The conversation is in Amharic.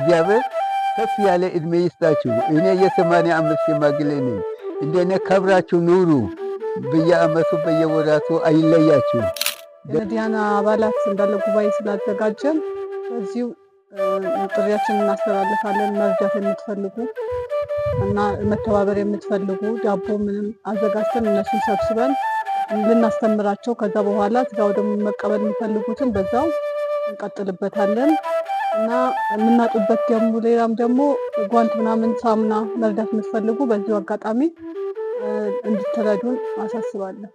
እግዚአብሔር ከፍ ያለ ዕድሜ ይስጣችሁ። እኔ የሰማንያ ዓመት ሽማግሌ ነኝ። ከብራችሁ ኑሩ። በየአመቱ በየወራቱ አይለያችሁ። የነዲያና አባላት እንዳለ ጉባኤ ስላዘጋጀን በዚሁ ጥሪያችን እናስተላልፋለን። መርዳት የምትፈልጉ እና መተባበር የምትፈልጉ ዳቦ ምንም አዘጋጅተን እነሱን ሰብስበን ልናስተምራቸው ከዛ በኋላ ስጋው ደግሞ መቀበል የሚፈልጉትን በዛው እንቀጥልበታለን። እና የምናጡበት ደግሞ ሌላም ደግሞ ጓንት ምናምን ሳሙና መርዳት የምትፈልጉ በዚሁ አጋጣሚ እንድትረዱን አሳስባለን።